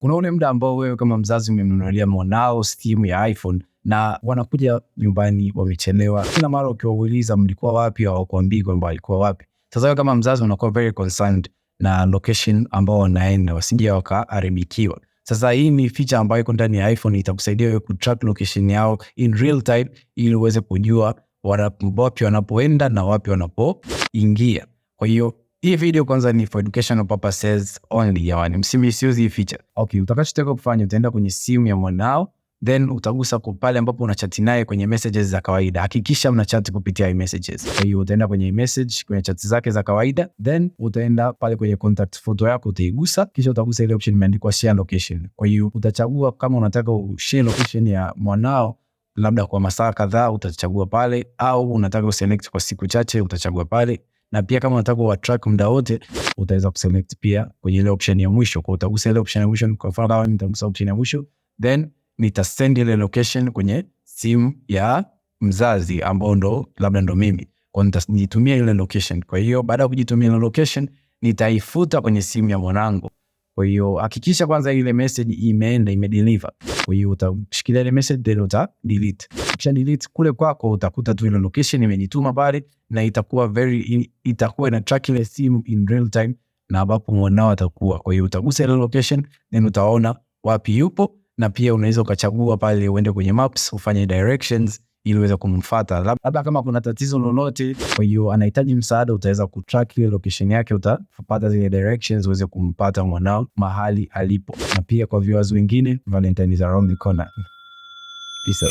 Kuna ule mda ambao wewe kama mzazi umemnunulia mwanao simu ya iPhone na wanakuja nyumbani wamechelewa. Kila mara ukiwauliza mlikuwa wapi, hawakuambii kwamba walikuwa wapi. Sasa wewe kama mzazi unakuwa very concerned na location ambao wanaenda, wasije wakaharibikiwa. Sasa hii ni feature ambayo iko ndani ya iPhone, itakusaidia wewe kutrack location yao in real time, ili uweze kujua wapi wanapoenda na wapi wanapoingia. Kwa hiyo hii video kwanza ni for educational purposes only, yaani msimisiuzi hii feature. Okay, utakachotakiwa kufanya utaenda kwenye simu ya mwanao then utagusa pale ambapo unachati naye kwenye messages za kawaida. Hakikisha mnachat kupitia iMessages. Kwa hiyo utaenda kwenye message kwenye chat zake za kawaida, then utaenda pale kwenye contact photo yako utaigusa, kisha utagusa ile option imeandikwa share location. Kwa hiyo utachagua kama unataka share location ya mwanao labda kwa masaa kadhaa utachagua pale, au unataka uselect kwa siku chache utachagua pale, na pia kama unataka kuwa track muda wote utaweza kuselect pia kwenye ile option ya mwisho. Kwa utagusa ile option ya mwisho, kwa mfano hapo nitagusa option ya mwisho then nitasend ile location kwenye simu ya mzazi ambao ndo labda ndo mimi, kwa nitajitumia ile location. Kwa hiyo baada ya kujitumia ile location nitaifuta kwenye simu ya mwanangu. Kwa hiyo hakikisha kwanza ile message imeenda imedeliver. Kwa hiyo utashikilia ile message then uta delete ukisha delete kule kwako utakuta tu ile location imenituma pale, na itakuwa very itakuwa ina track ile simu in real time, na ambapo mwanao atakuwa. Kwa hiyo utagusa ile location then utaona wapi yupo, na pia unaweza ukachagua pale uende kwenye maps ufanye directions ili uweze kumfuata, labda kama kuna tatizo lolote, kwa hiyo anahitaji msaada, utaweza kutrack ile location yake, utapata zile directions uweze kumpata mwanao mahali alipo. Na pia kwa viewers wengine, Valentine is around the corner. Peace out.